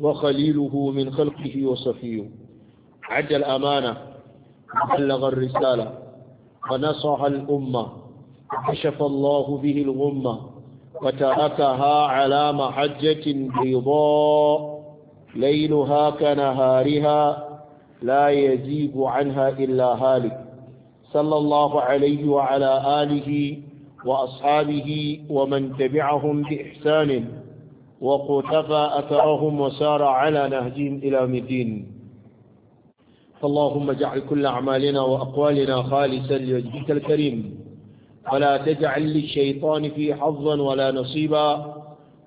وخليله من خلقه وصفيه عد الأمانة وبلغ الرسالة ونصح الأمة كشف الله به الغمة وتركها على محجة بيضاء ليلها كنهارها لا يزيب عنها إلا هالك صلى الله عليه وعلى آله وأصحابه ومن تبعهم بإحسان وقتفى أثرهم وسار على نهجهم إلى مدين فاللهم اجعل كل أعمالنا وأقوالنا خالصا لوجهك الكريم ولا تجعل للشيطان في حظا ولا نصيبا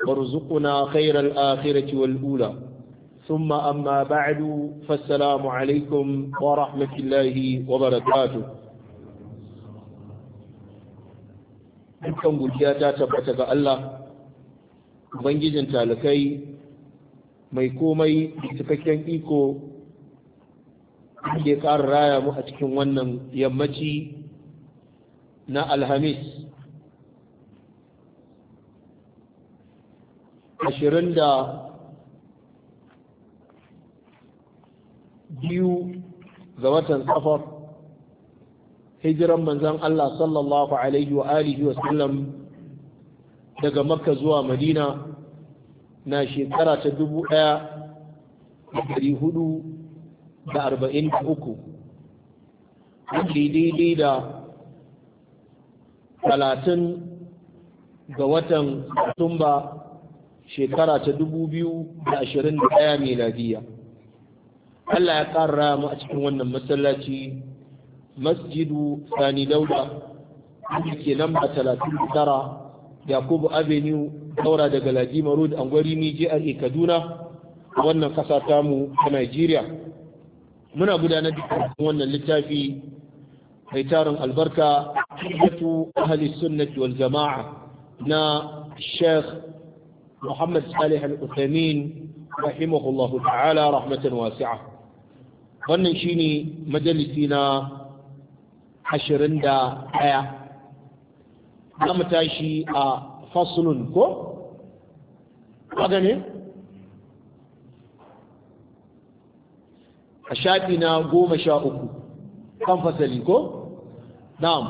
وارزقنا خير الآخرة والأولى ثم أما بعد فالسلام عليكم ورحمة الله وبركاته أنتم gudiya ta tabbata ga Allah ubangijin talakai mai komai cikakken iko ke ƙara raya mu a cikin wannan yammaci na alhamis shirin da biyu ga watan safar hijiran manzan Allah sallallahu alaihi wa alihi wa sallam daga makka zuwa madina na shekara ta dubu ɗaya ɗari hudu da arba'in da uku daidai da talatin ga watan satumba shekara ta dubu biyu da ashirin da ɗaya meladiya allah ya ƙara mu a cikin wannan masallaci masjidu sani dauda wanda ke lamba talatin da tara yakubu avenue daura daga ladima road angwarimi jihar kaduna wannan kasa tamu ta nigeria muna gudanar da wannan littafi mai tarin albarka yato ahli sunnati wal jama'a na sheikh muhammad salih al-uthamin rahimahullahu ta'ala rahmatan wasi'a wannan shine majalisi na ashirin da ɗaya za mu tashi a fasulun ko? haka a shafi na goma sha uku kan fasali ko? na'am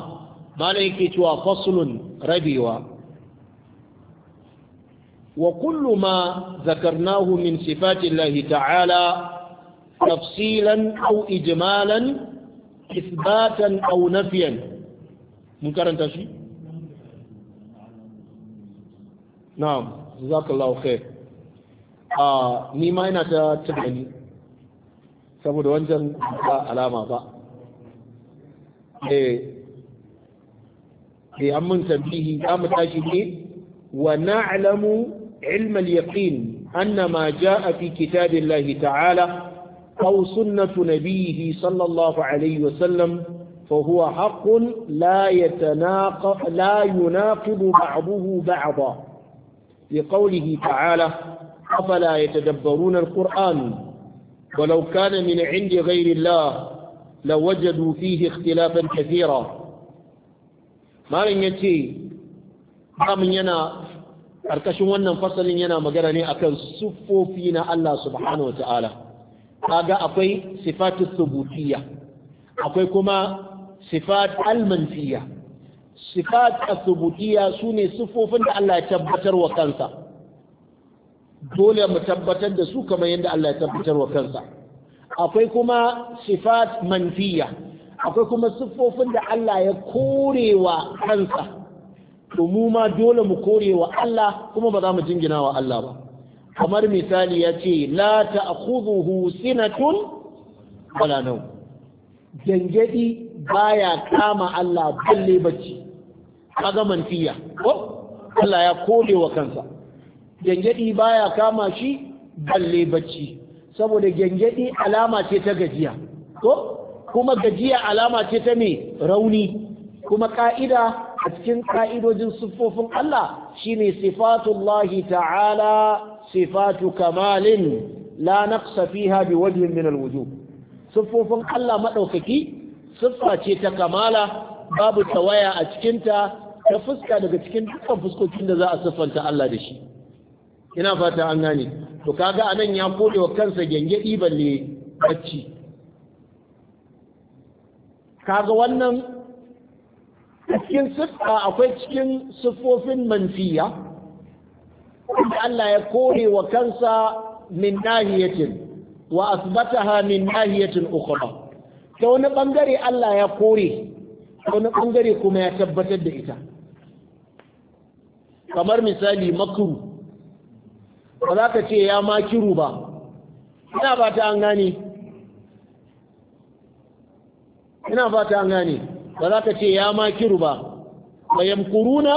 mana yake cewa fasulun rabewa wa kullu ma zakarnahu min sifatillahi ta'ala tafsilan au ijimalan, isbatan au nafiyan mun karanta shi? na'am jazakallahu khair a ah, ni ma ina ta tunani saboda wancan ba alama ba eh eh an tambihi mu tashi ne wa na'lamu ilm al-yaqin anna ma jaa fi kitabillahi ta'ala أو سنة نبيه صلى الله عليه وسلم فهو حق لا يتناق لا يناقض بعضه بعضا لقوله تعالى أفلا يتدبرون القرآن ولو كان من عند غير الله لوجدوا فيه اختلافا كثيرا ما لن يتي من ينا أركشون ونن فصل ينا مقرني أكن صفو فينا الله سبحانه وتعالى هذا أقوي صفات الثبوتية أقوي كما صفات المنفية sifat asubutiya su ne siffofin da Allah ya tabbatar wa kansa dole mu tabbatar da su kamar yadda Allah ya tabbatar wa kansa akwai kuma sifat manfiya akwai kuma siffofin da Allah ya korewa kansa to mu ma dole mu kore wa Allah kuma ba za mu jingina wa Allah ba kamar misali ya ce la ta'khudhuhu sinatun wala nawm baya kama Allah balle bacci kaga mantiya ko Allah ya kome wa kansa gyangyadi baya kama shi balle bacci saboda gyangyadi alama ce ta gajiya ko kuma gajiya alama ce ta mai rauni kuma ka'ida a cikin ka'idojin siffofin Allah shine sifatullahi ta'ala sifatu kamalin la naqsa fiha biwajhin min alwujuh siffofin Allah madaukaki siffa ce ta kamala babu tawaya a cikinta ta fuska daga cikin dukkan fuskokin da za a siffanta Allah da shi ina fata an gane to kaga anan ya kode wa kansa gengedi balle bacci kaga wannan cikin siffa akwai cikin sifofin manfiya inda Allah ya kore wa kansa min nahiyatin wa asbataha min nahiyatin ukhra ta wani bangare Allah ya kore wani bangare kuma ya tabbatar da ita kamar misali makiru ba za ka ce ya makiru ba ina ba ta an gane ina ba ta an gane ba za ka ce ya makiru ba wa yamkuruna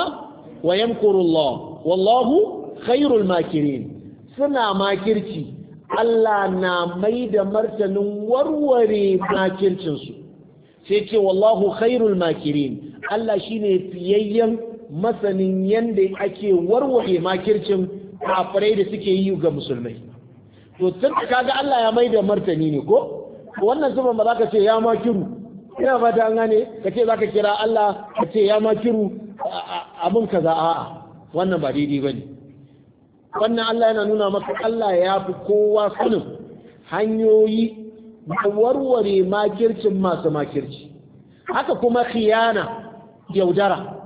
wa yamkurullah wallahu khairul makirin suna makirci Allah na mai da martanin warware makircinsu sai ce wallahu khairul makirin Allah shine fiyayyen masanin yadda ake warware makircin kafirai da suke yi ga musulmai to tun da kaga Allah ya mai da martani ne ko wannan zuban ba za ka ce ya makiru ina fata an gane ka ce za ka kira Allah ka ce ya makiru abin kaza a'a wannan ba daidai bane wannan Allah yana nuna maka Allah ya fi kowa sanin hanyoyi da warware makircin masu makirci haka kuma khiyana yaudara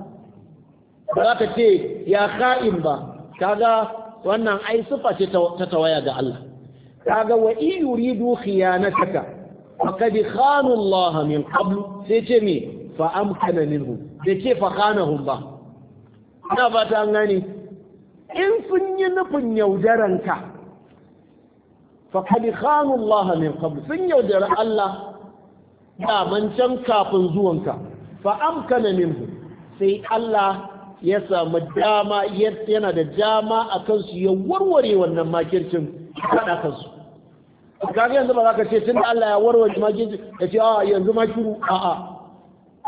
ba za ta ce ya ka'in ba kaga wannan ai sifa ce ta tawaya ga Allah kaga wa in yuridu khiyanataka faqad khanu Allah min qabl sai ce me fa amkana minhu da ce fa khanahum ba ina ba ta gane in sun yi nufin yaudaranka faqad khanu Allah min qabl sun yaudara Allah da man kafin zuwanka fa amkana minhu sai Allah ya samu dama yana da dama a kansu ya warware wannan makircin faɗa kansu kaga yanzu ba za ka ce tun da Allah ya warware makircin ya ce a yanzu makiru a a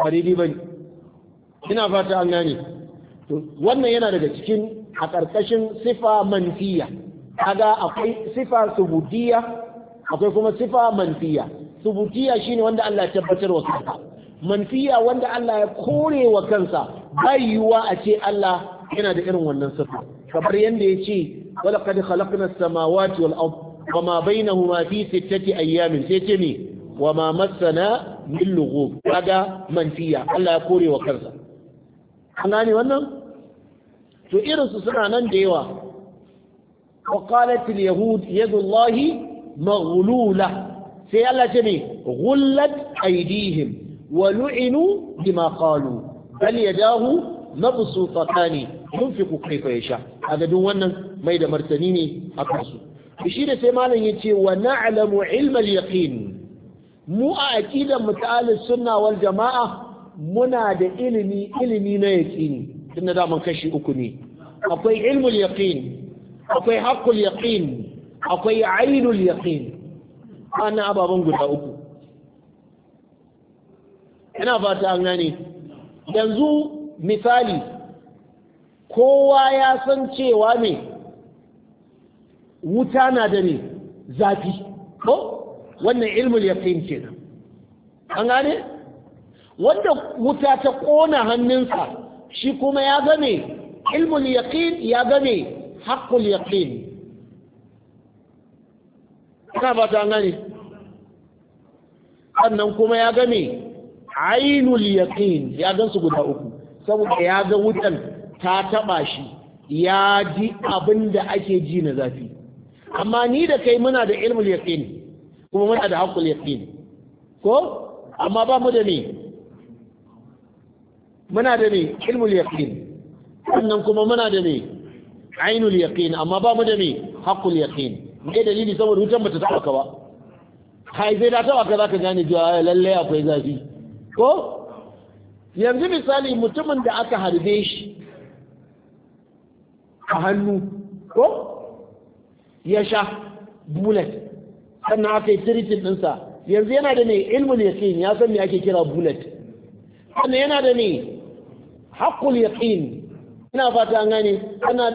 ba daidai ba ne ina fata an gane wannan yana daga cikin a ƙarƙashin sifa manfiya kaga akwai sifa subutiya akwai kuma sifa manfiya subutiya shine wanda Allah ya tabbatar wa kansa manfiya wanda Allah ya kore wa kansa bai yiwuwa a ce Allah yana da irin wannan sifa kamar yadda ya ce wala qad khalaqna as-samawati wal ard wa ma bainahuma fi sittati ayyamin sai ce ne wa ma massana min lughub kaga manfiya Allah ya kore wa kansa an gane wannan to irin su suna nan da yawa wa qalat al-yahud yadullahi maghlula sai Allah ce ne ghullat aydihim wa lu'inu bima qalu bal yadahu mabsutatani yunfiqu kayfa yasha kaga duk wannan mai da martani ne a kansu shi sai malam ya ce na'lamu ilma al-yaqin mu a aqidan mutalis sunna wal jama'a muna da ilimi ilimi na yaqini tunda da mun kashi uku ne akwai ilmul yaƙin. akwai haqqul yaqin akwai ainul yaqin ana ababan guda uku ina fata an gane yanzu misali kowa ya san cewa ne wuta na da ne zafi ko wannan ilmul yaqin kenan an gane wanda wuta ta kona hannunsa shi kuma ya game ilmul yaqin ya game haqqul yaqin ina fata an gane sannan kuma ya game ainul yaqin ya gansu guda uku saboda ya ga wutan ta taba shi ya ji abin da ake ji na zafi amma ni da kai muna da ilmul yaqin kuma muna da haqqul yaqin ko amma ba mu da ne muna da ne ilmul yaqin sannan kuma muna da ne ainul yaqin amma ba mu da ne haqqul yaqin me dalili saboda wutan bata taba ka ba kai sai da taba ka zaka gane cewa lalle akwai zafi ko yanzu misali mutumin da aka harbe shi a hannu ko ya sha bulet sannan aka yi tiritin ɗinsa yanzu yana da ne ilmul yaƙin ya san me ake kira bulet. sannan yana da ne haqqul yaƙin ina fata an gane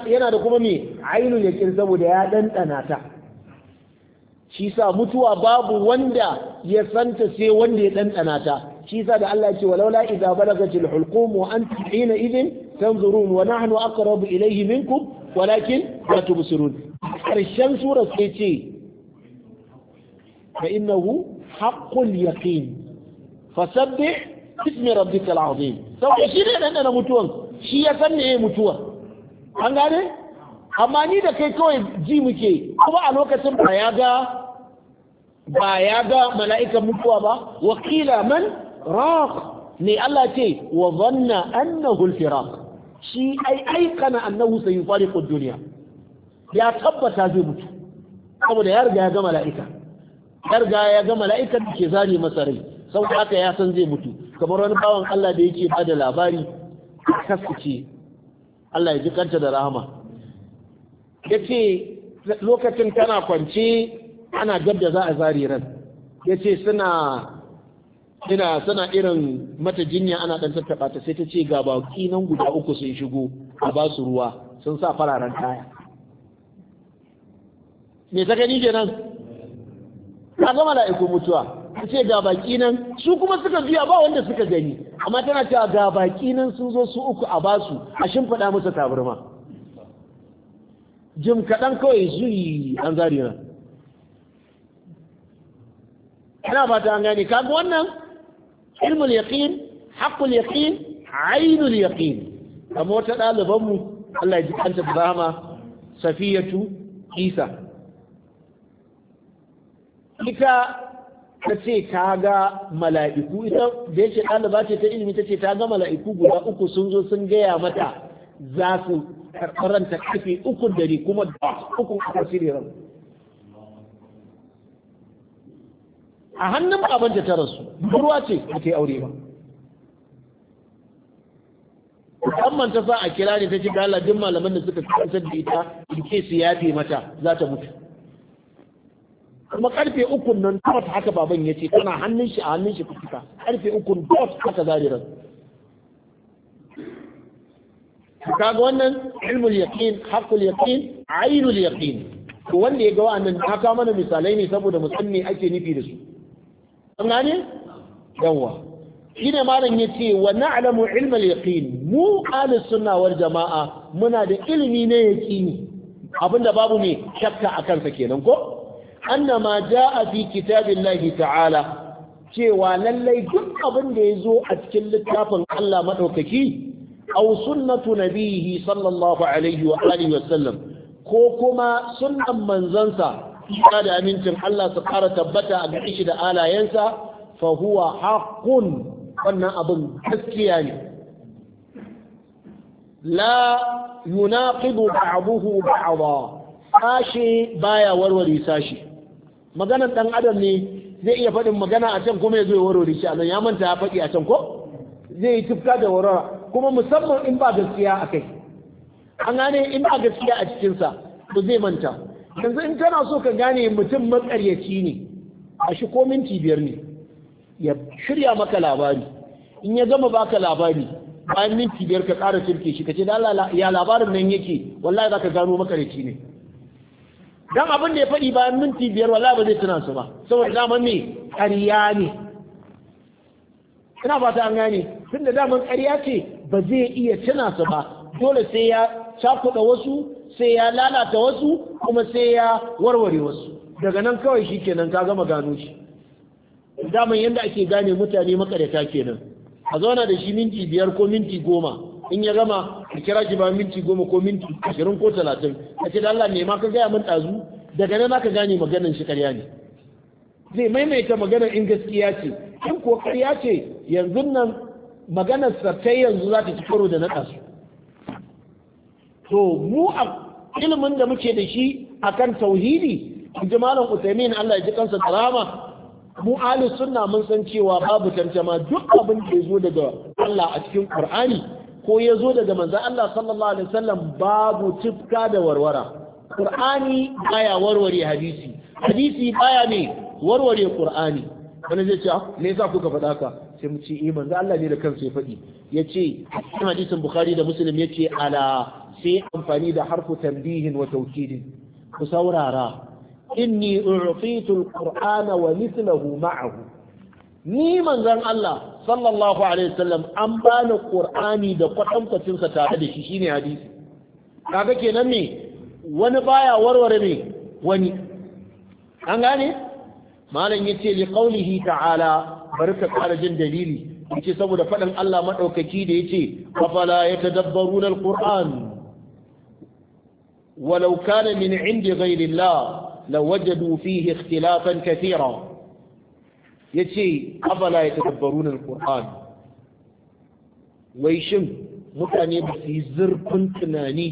yana da kuma me ainihin yaƙin saboda ya ɗanɗana ta shi sa mutuwa babu wanda ya santa sai wanda ya ɗanɗana ta shi yasa da Allah ce walaula idza balagatil hulqum wa antum hina idin tanzurun wa nahnu aqrabu ilayhi minkum walakin la tubsirun karshen sura sai ce fa innahu haqqul yaqin fasabbih bismi rabbikal azim sai shi ne nan mutuwan shi ya san ne mutuwa an gane amma ni da kai kawai ji muke kuma a lokacin ba ya ga ba ya ga mala'ikan mutuwa ba wakila man rakh ne Allah ce wa dhanna annahu al-firaq shi ai aikana annahu sayfariqu ad-dunya ya tabbata zai mutu saboda ya riga ya ga mala'ika ya riga ya ga mala'ikan da ke zari masa rai saboda haka ya san zai mutu kamar wani bawan Allah da yake da labari kaskace Allah ya ji kanta da rahama yace lokacin tana kwance ana gab da za a zari ran yace suna ina sana irin mata jinya ana dan tattaba ta sai ta ce ga baki nan guda uku sun shigo a ba su ruwa sun sa fararen kaya me ta gani kenan ka ga mala'iku mutuwa ta ce ga baki nan su kuma suka biya ba wanda suka gani amma tana cewa ga baki nan sun zo su uku a ba su a shimfiɗa musu tabarma jim kaɗan kawai su yi an zari nan ina fata an ka kaga wannan ilmul yaqin haqqul yaqin ainul yaqin kamar wata ɗalibanmu mu Allah ya Safiyatu Isa ita ta ce ta ga mala'iku ita da yake ɗaliba ta ilimi ta ce ta ga mala'iku guda uku sun zo sun gaya mata za su karɓaranta karfe ukun dare kuma da ukun a tasirin a hannun da ta rasu ruwa ce ba ta yi aure ba musamman ta sa a kira ne ta ci gala duk malaman da suka karantar da ita in ke su yafe mata za ta mutu kuma karfe ukun nan dot haka baban ya ce tana hannun shi a hannun shi kuka karfe ukun dot haka zari ran kaga wannan ilmul yaqin haqqul yaqin ainul yaqin to wanda ya ga wa'annan haka mana misalai ne saboda musanni ake nufi da su gane yawa shine malam ce wa na'lamu ilmal al-yaqin mu ahli sunna wal jama'a muna da ilimi ne yaqini abinda babu ne shakka akan sa kenan ko anna ma jaa fi kitabillahi ta'ala cewa lallai duk abin da zo a cikin littafin Allah madaukaki aw sunnatu nabihi sallallahu alaihi wa alihi wa sallam ko kuma sunnan manzansa ina da amincin Allah su ƙara tabbata a gaɗi shi da alayensa fahuwa haƙun wannan abin gaskiya ne la yunaqidu ba'dahu ba'dha sashi baya warware sashi maganar dan adam ne zai iya faɗin magana a can kuma ya zo ya warware shi a ya manta ya faɗi a can ko zai yi tufka da warara. kuma musamman in ba gaskiya a kai an gane in ba gaskiya a cikinsa to zai manta yanzu in kana so ka gane mutum makaryaci ne a shi ko minti biyar ne ya shirya maka labari in ya gama baka labari bayan minti biyar ka ƙara cirke shi ka ce ya labarin nan yake wallahi za ka gano makaryaci ne dan abin da ya faɗi bayan minti biyar wallahi ba zai tuna su ba saboda daman ne ƙarya ne ina fata an gane tun da daman ƙarya ce ba zai iya tuna su ba dole sai ya cakuɗa wasu sai ya lalata wasu kuma sai ya warware wasu daga nan kawai shi kenan ka gama gano shi daman yadda ake gane mutane makarata kenan a zauna da shi minti biyar ko minti goma in ya gama ka kira shi ba minti goma ko minti ashirin ko talatin a ce da Allah ne ma ka gaya min ɗazu daga nan aka gane maganan shi karya ne zai maimaita maganar in gaskiya ce in ko karya ce yanzu nan maganar sa ta yanzu za ta ci karo da na ɗazu to mu a ilimin da muke da shi akan tauhidi ji malam Uthaymeen Allah ya ji kansa karama mu ahli sunna mun san cewa babu tantama duk abin da zo daga Allah a cikin Qur'ani ko ya zo daga manzan Allah sallallahu alaihi wasallam babu tifka da warwara Qur'ani baya warware hadisi hadisi baya ne warware Qur'ani wani zai ce ah, me yasa kuka faɗa ka sai mu ce eh manzo Allah ne da kansa ya faɗi yace hadisin Bukhari da Muslim yace ala sai amfani da harfu tambihin wa taukidin ku saurara inni u'titu alqur'ana wa mithluhu ma'ahu ni manzon Allah sallallahu alaihi wasallam an bani qur'ani da kwatankwacin sa tare da shi shine hadisi kaga kenan ne wani baya warware ne wani an gane malam yace li qawlihi ta'ala barka kara jin dalili yace saboda fadan Allah madaukaki da yace afala yatadabbaruna alqur'an ولو كان من عند غير الله لوجدوا فيه اختلافا كثيرا yace afala yatadabbarun alquran wai shin mutane ba su yi zurfin tunani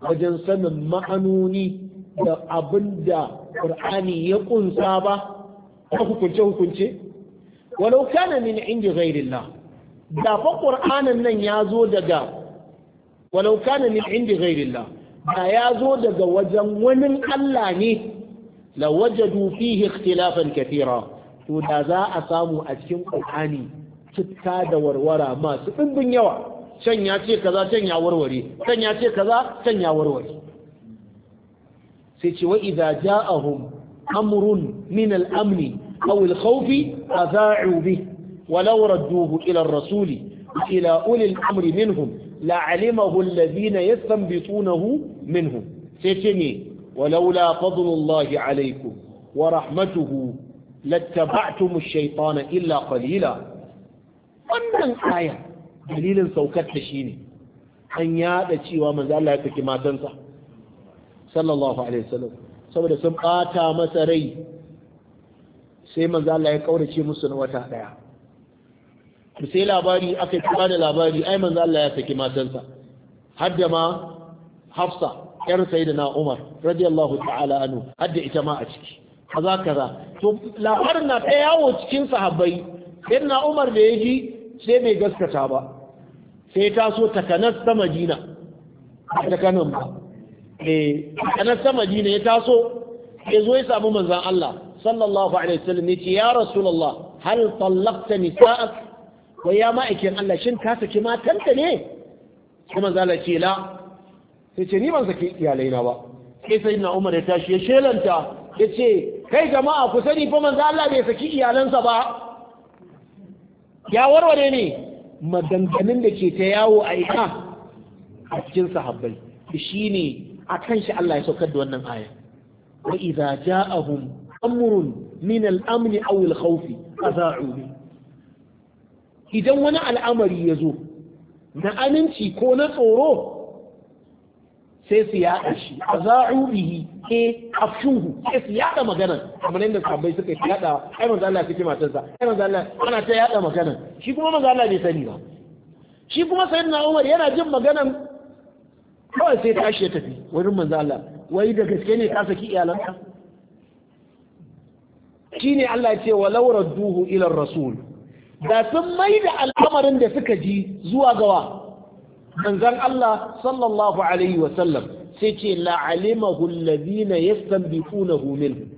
wajen sanin ma'anoni da abin da qur'ani ya kunsa ba ko hukunce hukunce walau kana min indi ghairillah da fa qur'anin nan ya zo daga walau kana min inda ghairillah da ya zo daga wajen wani Allah ne la wajadu fihi ikhtilafan kathira to da za a samu a cikin Qur'ani citta da warwara masu dimbin yawa can ya ce kaza can ya warware can ya ce kaza can ya warware sai ce wa idza ja'ahum amrun min al-amni aw al-khawfi adha'u bih ولو ردوه إلى الرسول إلى أولي الأمر منهم لعلمه الذين يستنبطونه minhum sai ce ne walaula fadlullahi alaikum wa rahmatuhu lattaba'tum ash-shaytana illa qalila wannan aya dalilin saukar ta shine an yada cewa manzo Allah ya saki matansa sallallahu alaihi wasallam saboda sun bata masa rai sai manzo Allah ya kaurace musu na wata daya sai labari aka yi da labari ai manzo Allah ya saki matansa har da ma hafsa yar da umar radiyallahu ta'ala anu hadda ita ma a ciki ka za? to labarin na ta yawo cikin sahabbai sayyidina umar da yaji sai bai gaskata ba sai ta so eh, takanas majina. A ta ba E takanas majina ya taso ya zo ya samu manzon Allah sallallahu alaihi wasallam ya ce ya rasulullah hal tallaqta nisa'ak Wai ya ma'aikin Allah shin ka saki matanta ne kuma zala ce la sai ce ni ban saki iyalaina ba sai sai na umar ya tashi ya shelanta ya ce kai jama'a ku sani fa manzo Allah bai saki iyalansa ba ya warware ne madanganin da ke ta yawo a ina a cikin sahabbai shine akan shi Allah ya saukar da wannan aya wa idza ja'ahum amrun min al-amn aw al-khawf aza'u idan wani al'amari ya zo na aminci ko na tsoro sai su yaɗa shi a za'u bihi ke eh, afshuhu sai su yaɗa magana kamar yadda sahabbai suka yi yaɗa ai manzo Allah kike matarsa ai manzo Allah ana ta yaɗa magana shi kuma manzo Allah bai sani ba shi kuma sayyidina Umar yana jin maganan kawai sai ta ya tafi wurin manzo Allah wai da gaske ne ka saki iyalanka shine Allah ya ce walau radduhu ila rasul da sun maida al'amarin da suka ji zuwa gawa manzon Allah sallallahu alaihi wa sallam sai ce la'alimahu alladhina yastanbiqunahu minhu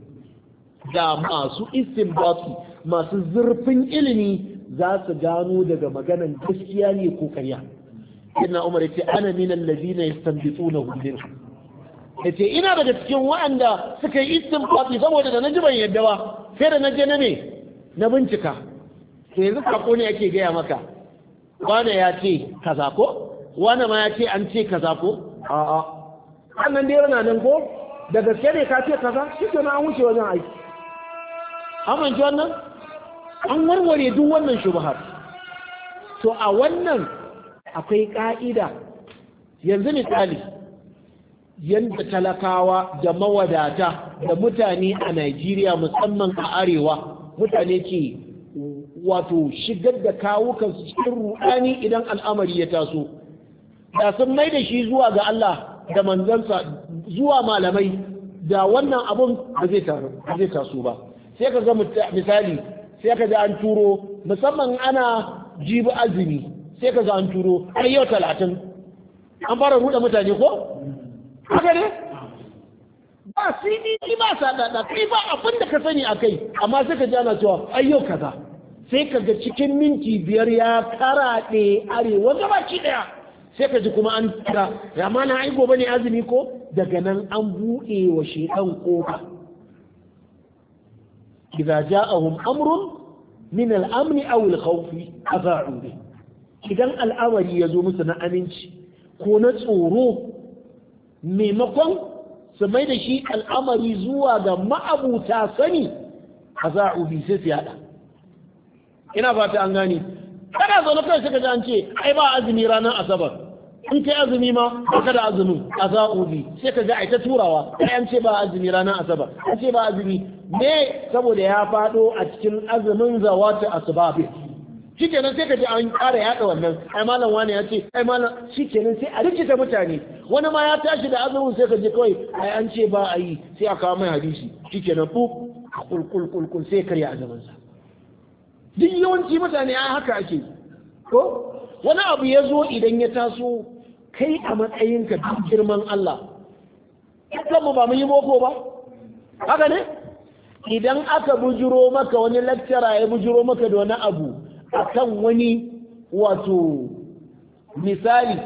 da masu istinbati masu zurfin ilimi za su gano daga maganan gaskiya ne ko karya inna umar yace ana min alladhina yastanbitunahu minhu yace ina daga cikin waɗanda suka yi istinbati saboda da naji ban yadda ba sai da je na me na bincika to yanzu kako ne ake gaya maka wane ya ce kaza ko wani ma ya ce an ce kaza ko a'a annan dai yana nan ko da gaske ne ka ce kaza shi ke na an wuce wajen aiki ji wannan an warware duk wannan shubahar to a wannan akwai ka'ida yanzu misali yanda talakawa da mawadata da mutane a Najeriya musamman a arewa mutane ke wato shigar da kawukansu cikin ruɗani idan al'amari ya taso da sun mai da shi zuwa ga Allah da manzansa zuwa malamai da wannan abun ba zai taso ba sai ka ga misali sai ka ga an turo musamman ana jibi azumi sai ka ga an turo har yau talatin an fara rude mutane ko? haka ne? ba cdd ba sadada kai ba abin da ka sani a kai amma sai ka ji ana cewa ayyau kaza sai ka ga cikin minti biyar ya karaɗe arewa ki ɗaya sai ka ji kuma an tura rama na gobe ne azumi ko daga nan an buɗe wa shekan ƙofa idza ja'ahum amrun min al-amn aw al-khawf bi idan al'amari ya zo musu na aminci ko na tsoro maimakon su mai da shi al'amari zuwa ga ma'abuta sani adha'u bi sai yada ina fata an gane kana zaune kai suka ji an ce ai ba azumi ranar asabar in kai azumi ma baka da azumin a bi sai ka ga ai ta turawa ai an ce ba azumi ranar asabar an ce ba azumi me saboda ya fado a cikin azumin zawatu asbab shikenan sai ka ji an ƙara yaɗa wannan ai malam wani ya ce ai malam shikenan sai a rikita mutane wani ma ya tashi da azumin sai ka ji kawai ai an ce ba a yi sai a kawo mai hadisi shikenan fuf kulkulkulkul sai karya azumin sa duk yawanci mutane ai haka ake ko wani abu ya zo idan ya taso kai a matsayinka duk girman Allah kanmu ba mu yi boko ba haka ne idan aka bujiro maka wani lecturer ya bujiro maka da wani abu a kan wani wato misali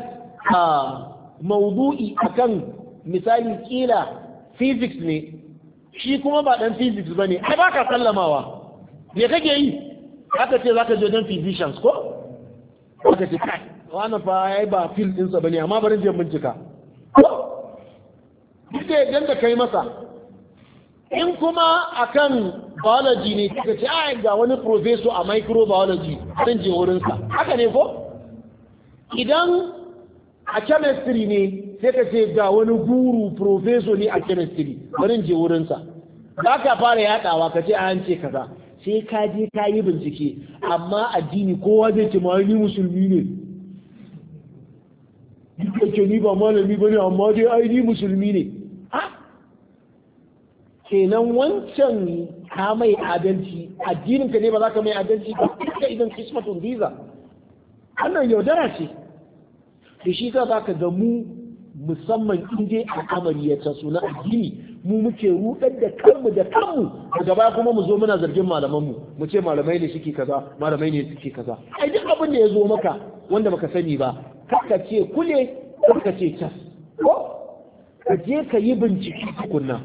a maudu'i kan misali kila physics ne shi kuma ba dan physics ba ne ai ba ka sallamawa me kake yi aka ce za ka je don physicians ko aka ce kai wani fa ya yi ba fil ɗinsa ba ne amma barin je bincika duk da da kai masa in kuma akan biology ne kika ce a ga wani professor a microbiology zan je wurinsa haka ne ko idan a chemistry ne sai ka ce ga wani guru professor ne a chemistry barin je wurinsa za ka fara yadawa ka ce a yance kaza sai ka je ka yi bincike amma addini kowa zai ce ni musulmi ne duk da ke ni ba malami ne amma dai ai musulmi ne ha kenan wancan ka mai adalci addininka ne ba za ka mai adalci ba duka idan kismatun visa annan yaudara ce da shi za ka ga mu musamman in je al'amari ya taso addini mu muke rudar da kanmu da kanmu a baya kuma mu zo muna zargin malamanmu mu ce malamai ne suke kaza malamai ne suke kaza ai duk abin da ya zo maka wanda baka sani ba ka ce kule ka ce cas ko ka je ka yi bincike tukunna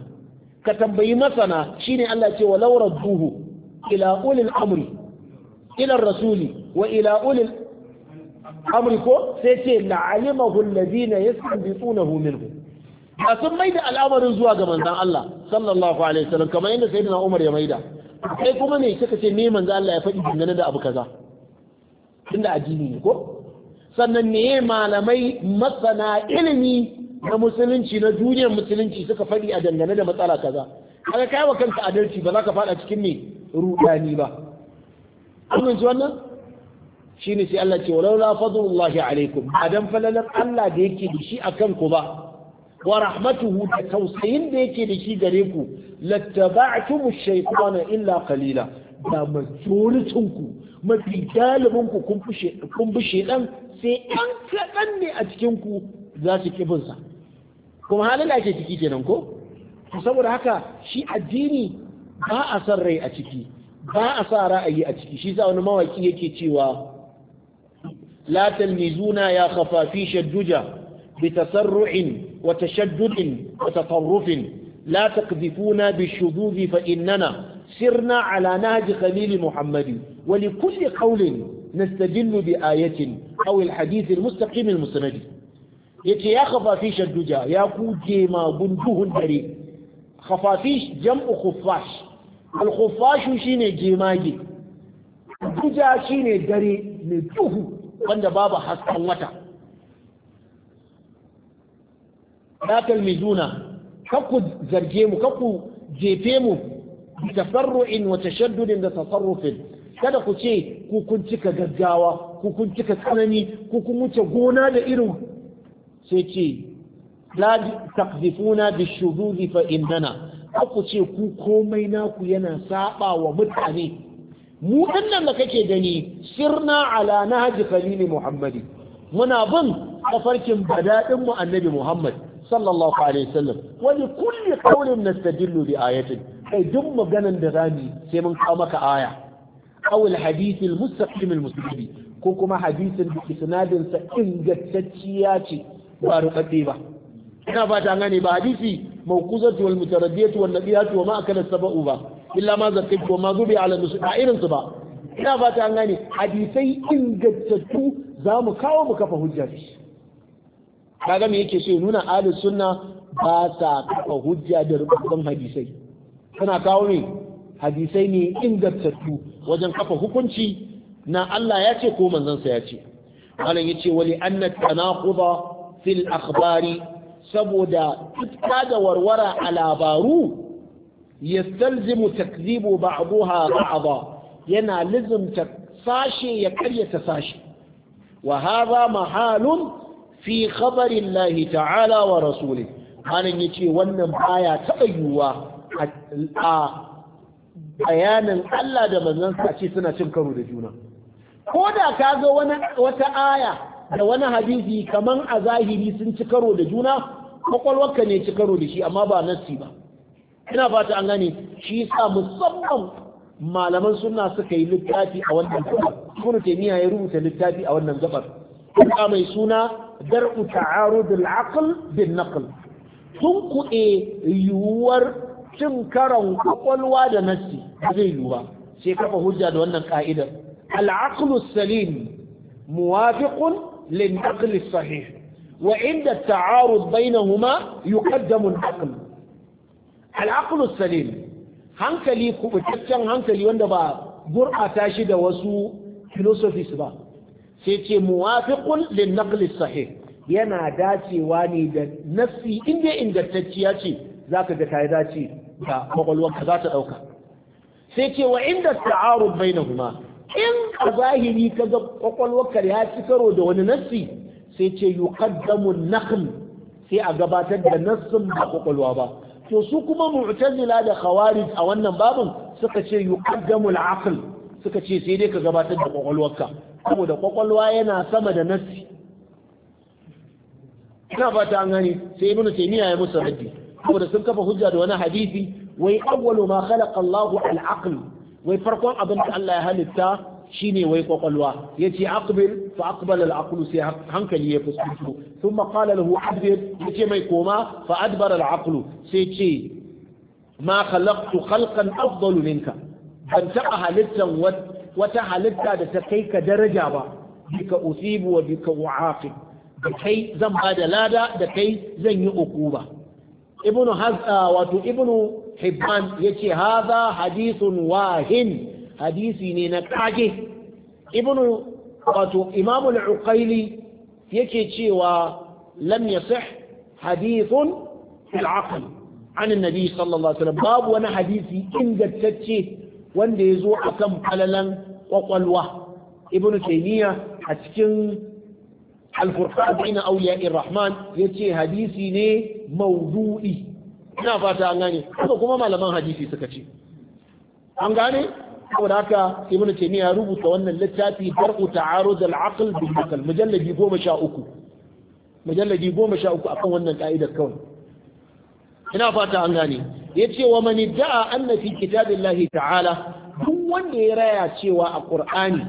ka tambayi masana shine Allah ce walau duhu ila ulil amri ila rasuli wa ila ulil amri ko sai ce la'alimahu alladhina yastanbitunahu minhu ba sun maida al'amarin zuwa ga manzan Allah sallallahu alaihi wasallam kamar yadda sayyidina Umar ya maida kai kuma ne kika ce ne manzan Allah ya faɗi dangane da abu kaza tunda addini ne ko sannan ne malamai masana ilimi na musulunci na duniyar musulunci suka faɗi a dangane da matsala kaza kaga kai wa kanka adalci ba za ka faɗa cikin ne rudani ba amin ji wannan shine sai Allah ce walau la fadlullahi alaikum adam falalan Allah da yake da shi akan ku ba wa rahmatuhu da tausayin da yake da shi gare ku lattaba'tumu shaytana illa qalila da majoritin ku mafi galibin ku kun bi kun shedan sai an kadan ne a cikin ku za su kibin sa kuma halin ake ciki kenan ko saboda haka shi addini ba a san rai a ciki ba a sa ra'ayi a ciki shi sa wani mawaki yake cewa la talmizuna ya khafafi shadduja bi tasarru'in وتشدد وتطرف لا تقذفونا بالشذوذ فإننا سرنا على نهج خليل محمد ولكل قول نستدل بآية أو الحديث المستقيم المستند يتي يا خفافيش الدجا يا كوجي ما بنجوه الدري خفافيش جمع خفاش الخفاش شيني جيماجي الدجا شيني دري نجوه وان بابا حسن وطا la talmizuna kakku zarge mu kaku jefe mu bi tafarru'in wa tashaddudin da tasarrufin kada ku ce ku kun cika gaggawa ku kun cika tsanani ku kun wuce gona da irin sai ce la taqdifuna bishududi fa innana ku ce ku komai naku yana saba wa mutane mu dinnan da kake gani sirna ala nahji khalili muhammadi muna bin tafarkin badadin mu annabi muhammad sallallahu alaihi wasallam wa li kulli qawlin nastadillu bi ayatin kai duk maganan da zamu sai mun kawo maka aya aw al hadith al mustaqim al ko kuma hadisin da isnadin ingantacciya ce ba rubabbe ba ina ba ta gane ba hadisi mawquzatu wal mutaraddiyatu wan nabiyatu wa ma akala ba a irin su ba ina ba hadisai ingantattu za mu kawo mu kafa hujja kaga me yake so nuna ahlus sunna ba sa kafa hujja da rubutun hadisai tana kawo ne hadisai ne ingantattu wajen kafa hukunci na Allah ya ce ko manzansa ya ce ya ce wali anna tanaquda fil akhbari saboda tutka da warwara a labaru yastalzimu takzibu ba'daha ba'da yana lizumta sashe ya karyata sashe wa hadha mahalun fi khabarin lahi ta'ala wa rasuli hanan ya ce wannan baya taɓa yiwuwa a bayanin Allah da manzon a ce suna cin karo da juna ko da ka ga wata aya da wani hadisi kaman a zahiri sun ci karo da juna kwakwalwarka ne ci karo da shi amma ba nassi ba ina fata an gane shi sa musamman malaman suna suka yi littafi a wannan gabar kuma ya rubuta littafi a wannan gabar kuma mai suna dar'u ta'arudul aql bin naql tun kuɗe yiwuwar cin karon kwakwalwa da nassi ba zai yiwuwa sai kafa hujja da wannan ka'idar al salim muwafiqun lin sahih wa inda ta'arud bainahuma yuqaddamu al-aql salim hankali kubutaccen hankali wanda ba gur'ata shi da wasu philosophies ba sai ce muwafiqun lin naqli sahih yana dacewa ne da nafsi inda ingantacciya ce zaka ga ta dace da kwakwalwarka za ta dauka sai ce wa inda ta'arud bainahuma in a zahiri ka ga kwakwalwarka ya ci karo da wani nassi sai ce yuqaddamu naql sai a gabatar da nassin ba ƙwaƙwalwa ba to su kuma mu'tazila da khawarij a wannan babin suka ce yuqaddamu al-aql suka ce sai dai ka gabatar da kwakwalwarka saboda kwakwalwa yana sama da nassi ina fata an gani sai ibnu taymiya ya musu raddi saboda sun kafa hujja da wani hadisi wai awwalu ma khalaqa Allahu al-aql wai farkon abin da Allah ya halitta shine wai kwakwalwa yace aqbil fa aqbala al-aql sai hankali ya fuskanto thumma qala lahu adbir yace mai koma fa adbara al-aql sai ce ma khalaqtu khalqan afdalu minka ban taɓa halittan wata halitta da ta kai ka daraja ba bika usibu wa bika u'aqib da kai zan ba da lada da kai zan yi uku ba ibnu hazza wato ibnu hibban yace hadha hadithun wahin hadisi ne na kage ibnu wato imam al-uqaili yake cewa lam yasih hadithun fil aql an annabi sallallahu alaihi wasallam babu wani hadisi ingantacce wanda ya zo a kan falalan kwakwalwa ibn taymiya a cikin alfurqan bayna awliya rahman yace hadisi ne maudu'i ina fata an gane haka kuma malaman hadisi suka ce an gane saboda haka ibn taymiya ya rubuta wannan littafi dar'u ta'arud al-aql bil aql mujalladi 13 mujalladi 13 akan wannan ka'idar kawai ina fata an gane ce wa mani da'a anna fi kitabillahi ta'ala duk wanda ya raya cewa a ƙur'ani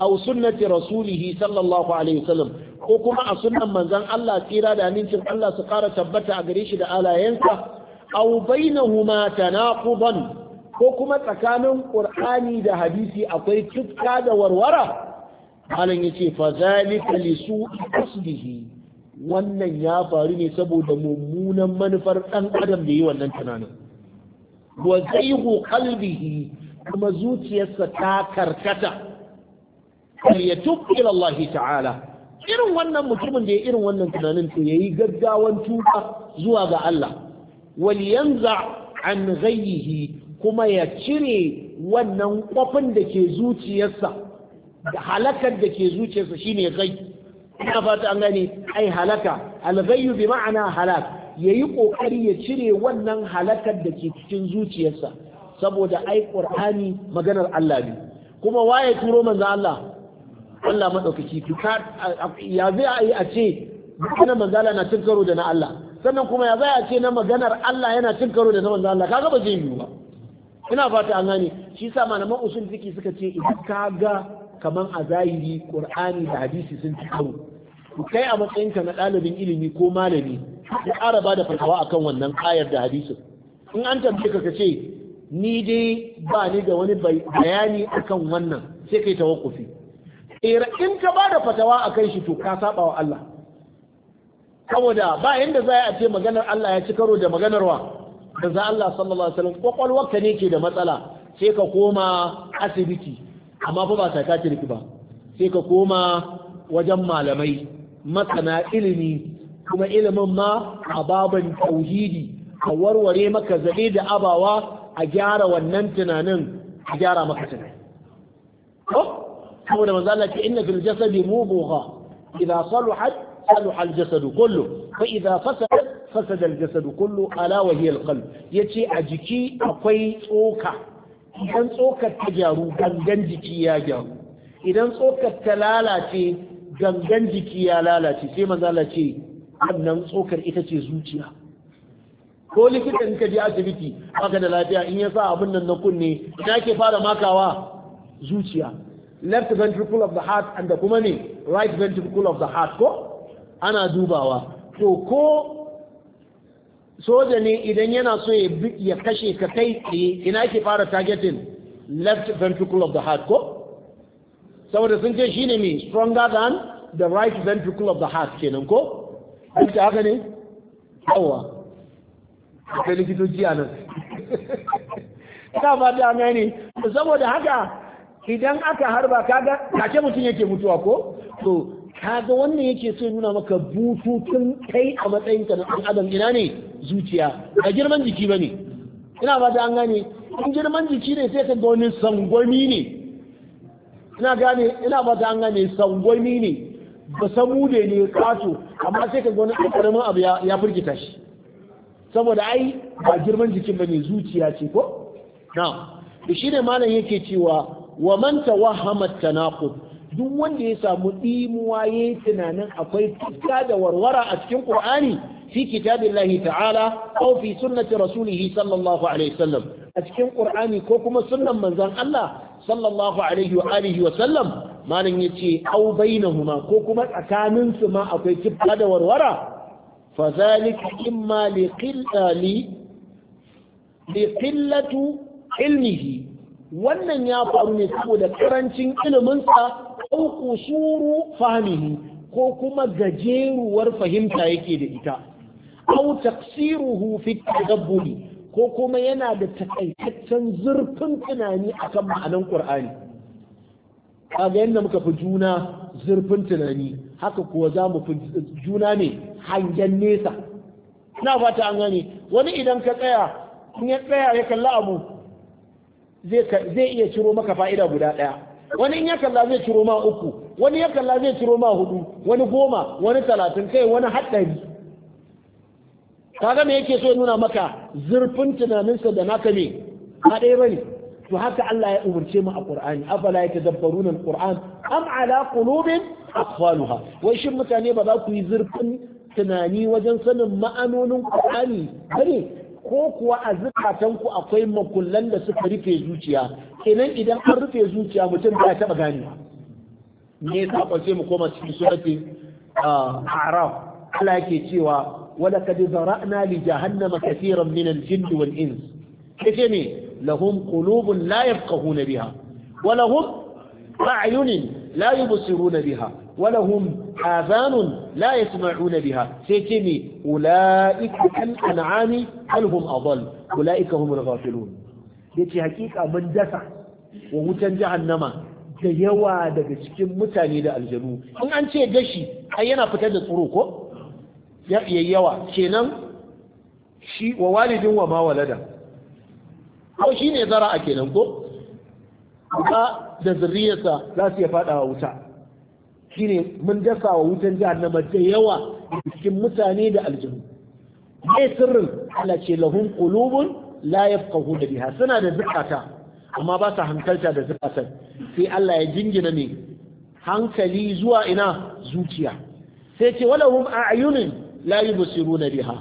aw sunnati rasulihi sallallahu alaihi wasallam ko kuma a sunnan manzon Allah tsira da amincin Allah su ƙara tabbata a gare shi da alayensa aw bainahuma tanaqudan ko kuma tsakanin qur'ani da hadisi akwai cikka da warwara malam yace fa zalika li su'i qasdihi wannan ya faru ne saboda mummunan manufar dan adam da yi wannan tunanin wa zaihu qalbihi kuma zuciyarsa ta karkata kar ya tubu Allah ta'ala irin wannan mutumin da ya irin wannan tunanin to yayi gaggawan tuka zuwa ga Allah wal yanza an ghayyihi kuma ya cire wannan kwafin da ke zuciyarsa da halakar da ke zuciyarsa shine ghayy ina fata an gane ai halaka al bi ma'ana halak ya yi ƙoƙari ya cire wannan halakar da ke cikin zuciyarsa saboda ai ƙur'ani maganar Allah ne kuma waye turo manzo Allah Allah madaukaki ya zai yi a ce magana manzo Allah na cin karo da na Allah sannan kuma ya zai a ce na maganar Allah yana cin karo da na manzo Allah kaga ba zai yi ba ina fata an gane shi sa malaman usul fiki suka ce idan ka ga kaman a zahiri Qur'ani da hadisi sun ci karo kai a matsayinka na ɗalibin ilimi ko malami ya ƙara ba da fatawa akan wannan ayar da hadisin in an tambaye ka ce ni dai ba ni da wani bayani akan wannan sai kai tawakkufi eh, in ka ba da fatawa akan shi to ka saba wa Allah saboda ba yanda za a ce maganar Allah ya ci karo da maganar wa za Allah sallallahu alaihi wasallam ka ne ke da matsala sai ka koma asibiti amma fa ba psychiatrist ba sai ka koma wajen malamai masana ilimi kuma ilimin ma a baban tauhidi a warware maka zabe da abawa a gyara wannan tunanin a gyara maka tunanin. ko saboda manzo Allah ce inna fil jasadi mubugha idza saluhat saluha al jasadu kullu fa idza fasadat fasada al jasadu kullu ala wa hiya al qalb yace a jiki akwai tsoka idan tsokar ta gyaru gangan jiki ya gyaru idan tsokar ta lalace gangan jiki ya lalace sai manzo Allah ce wannan tsokar ita ce zuciya ko likitan ka je asibiti baka da lafiya in ya sa abin nan na kunne ina ke fara makawa zuciya left ventricle of the heart and da kuma ne right ventricle of the heart ko ana dubawa to ko soja ne idan yana so ya kashe ka kai tsaye ina ke fara targeting left ventricle of the heart ko saboda sun ce shine mai stronger than the right ventricle of the heart kenan ko an ta haka ne yawa akwai likitoci a nan ta fata gane saboda haka idan aka harba kaga kace mutum yake mutuwa ko to kaga wannan yake so nuna maka bututun kai a matsayin ka na adam ina ne zuciya ba girman jiki ba ne ina fata an gane in girman jiki ne sai ka ga wani sangwami ne ina gane ina fata an gane sangwami ne ba samu da ne kato amma sai ka wani karamin abu ya firgita shi saboda ai ba girman jikin ne zuciya ce ko na'am da shi ne malam yake cewa wa man tawahhama tanaqud duk wanda ya samu dimuwa yayin tunanin akwai fuska da warwara a cikin qur'ani fi kitabillahi ta'ala aw fi sunnati sallallahu alaihi wasallam a cikin qur'ani ko kuma sunnan manzon Allah sallallahu alaihi wa alihi wa sallam malam ya ce au bainahuma ko kuma tsakaninsu ma akwai kibba da warwara fa zalika imma li qillali li qillatu ilmihi wannan ya faru ne saboda karancin iliminsa au kusuru fahmihi ko kuma gajeruwar fahimta yake da ita au taksiruhu fi tadabburi ko kuma yana da takaitaccen zurfin tunani akan ma'anan qur'ani kaga yadda muka fi juna zurfin tunani haka kuwa za mu fi juna ne hangen nesa ina fata an gane wani idan ka tsaya in ya tsaya ya kalla abu zai iya ciro maka fa'ida guda ɗaya wani in ya kalla zai ciro ma uku wani ya kalla zai ciro ma hudu wani goma wani talatin kai wani haɗari kaga me yake so nuna maka zurfin tunaninsa da naka ne ba ɗaya bane to haka Allah ya umarce mu a Qur'ani afala yatadabbaruna al-Qur'an am ala qulubin aqfaluha wai shin mutane ba za ku yi zurfin tunani wajen sanin ma'anonin Qur'ani bane ko kuwa a zukatan ku akwai makullan da suka rufe zuciya kenan idan an rufe zuciya mutum ba ya taba gane. me yasa kwace mu koma cikin surati a'raf Allah yake cewa ولقد ذرأنا لجهنم كثيرا من الجن والإنس كيف ne lahum qulubun la yafqahuna biha wa lahum a'yunun la yubsiruna biha wa lahum آذان لا يسمعون بها سيتمي أولئك الأنعام هل هم أضل أولئك هم الغافلون يتي حقيقة من دفع ووتن جهنم da yawa daga cikin mutane da aljanu in an ce gashi ai yana fitar da tsoro ko ya yawa kenan wa walidin wa ma ko shi ne zara a kenan ko ba da zurriyarsa za su iya faɗawa wuta shi ne mun dasa wa wutan jahannama da yawa cikin mutane da aljihu ne sirrin Allah ce lahun qulubun la da biha suna da zakata amma ba sa hankalta da zakatan sai Allah ya jingina ne hankali zuwa ina zuciya sai ce walahum a'yunin la na biha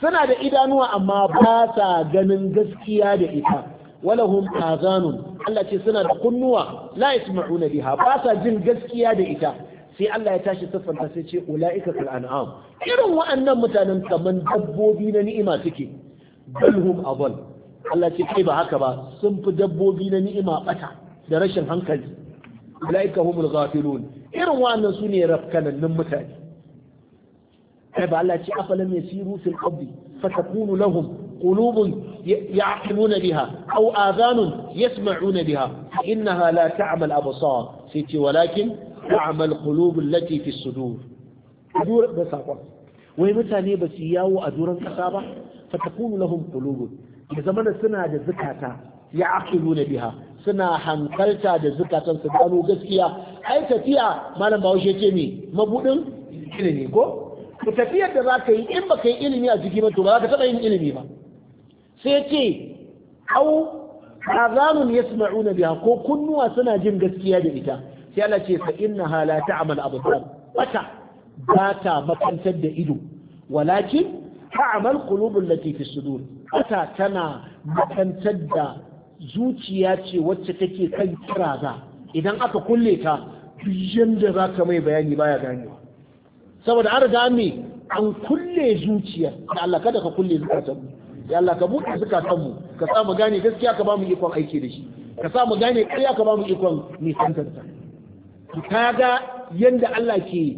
suna da idanuwa amma ba sa ganin gaskiya da ita walahum azanun Allah ce suna da kunnuwa la yasma'una biha ba sa jin gaskiya da ita sai Allah ya tashi siffanta sai ce ula'ika kal an'am irin wa'annan mutanen kaman dabbobi na ni'ima suke balhum adall Allah ce kai ba haka ba sun fi dabbobi na ni'ima bata da rashin hankali ula'ika humul ghafilun irin wa'annan su ne rafkanannun mutane sai ba Allah ce afalam yasiru fil qabri fatakunu wai mutane ba su yawo a duran kasa ba fatakunu lahum qulubun zama da suna da zakata ya'qiluna biha suna hankalta da zakatan su gano gaskiya ai tafiya malam bawo ce ce mabuɗin? mabudin ilimi ko to tafiyar da za ka yi in ba ka yi ilimi a jiki ba to ba za ka taɓa yin ilimi ba sai ce au azanun yasma'una biha ko kunnuwa suna jin gaskiya da ita sai ka ce fa hala ta ta'mal absar wata ba ta makantar da ido walakin ta'mal qulubul lati fi sudur wata tana makantar da zuciya ce wacce take kan kiraza idan aka kulle ta duk yanda za ka mai bayani baya ganewa saboda an riga me an kulle zuciya da Allah kada ka kulle zukatan mu ya Allah ka buɗe zukatan mu ka sa mu gane gaskiya ka ba mu ikon aiki da shi ka sa mu gane ƙarya ka ba mu ikon nisantar ta ka ga yanda Allah ke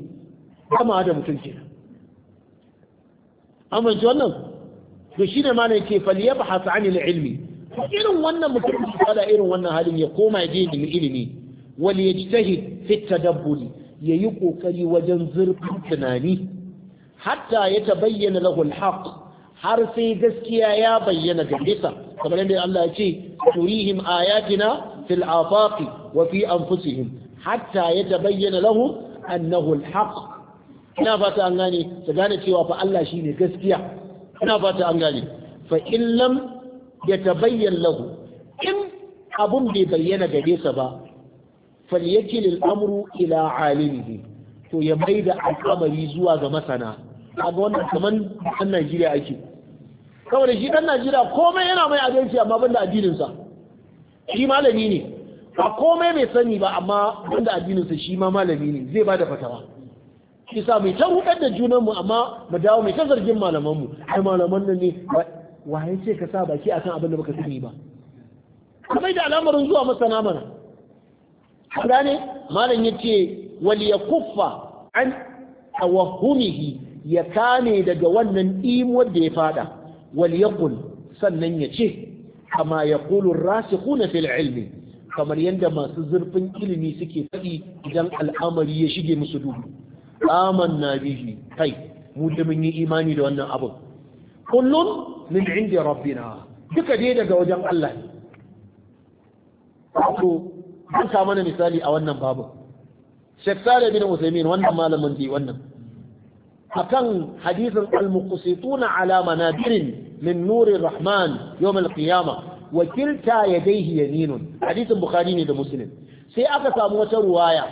kama da mutum kenan amma wannan to shi ne mana ke faliya ba hasa ani na ilmi irin wannan mutum da irin wannan halin ya koma ya je nemi ilimi wal yajtahid fi tadabburi ya yi ƙoƙari wajen zurfin tunani hatta ya bayyana lahul haq har sai gaskiya ya bayyana gare sa kamar yadda Allah ya ce turihim ayatina fil afaqi wa fi anfusihim hatta ya bayyana lahu annahu al haq ina fata an gane ta gane cewa fa Allah shine gaskiya ina fata an gane fa in lam yatabayyan lahu in abun bai bayyana gare ba falyakil al'amru ila alimihi to ya mai da al'amari zuwa ga masana kaga wannan kaman dan Najeriya ake kawai shi dan Najeriya komai yana mai adalci amma banda addinin sa shi malami ne ba komai mai sani ba amma banda addinin sa shi ma malami ne zai bada fatawa shi sa mai ta hudar da junan mu amma mu dawo mai ta zargin malaman mu ai malaman nan ne waye ce ka sa baki akan abin da baka sani ba kamar da al'amarin zuwa masana mana gane malam yace wal yakuffa an tawahumihi ya kame daga wannan imuwar da ya fada wal yaqul sannan yace kama yaqulu ar-rasikhuna fil ilmi kamar yadda masu zurfin ilimi suke faɗi idan al'amari ya shige musu dubu amanna bihi kai mu da mun yi imani da wannan abu kullun min inda rabbina duka dai daga wajen Allah ne an samu mana misali a wannan babu Sheikh Saleh bin Uthaymeen wannan malamin ji wannan akan hadisin al-muqsituna ala manabirin min nurir rahman yawm al wakilta ya daihi yaminun hadisin bukhari ne da muslim sai aka samu wata ruwaya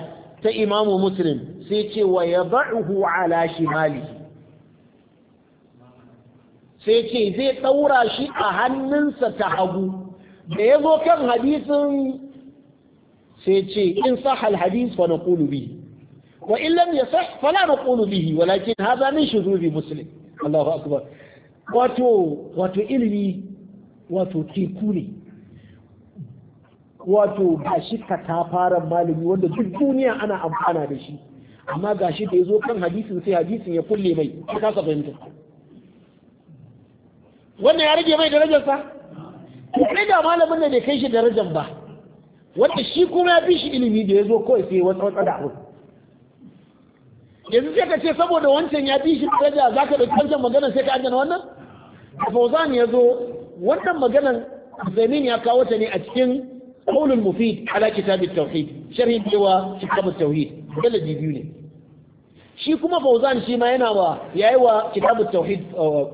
ta imamu muslim sai ce wa yad'uhu ala shimalihi sai ce zai ɗaura shi a hannunsa ta hagu da zo kan hadisin sai ce in sah al hadith fa naqulu bihi wa in lam yasah fa la naqulu bihi walakin haza min shuzubi muslim Allahu akbar wato wato ilimi wato teku ne wato gashi fara malami wanda duk duniya ana amfana da shi amma gashi da ya zo kan hadisin sai hadisin ya kulle mai ya kasa fahimta wannan ya rage mai darajarsa ko kai da malamin ne bai kai shi darajar ba wanda shi kuma ya fi shi ilimi da ya zo kawai sai wata wata da abu yanzu sai ka ce saboda wancan ya fi shi daraja za ka ɗauki wancan maganar sai ka adana wannan da fauzan ya zo wannan maganar zamin ya kawo ta ne a cikin qaulul mufid ala kitabit tauhid Sharhin cewa kitabut tauhid dala biyu ne shi kuma fauzan shi ma yana wa yayi wa kitabut tauhid uh,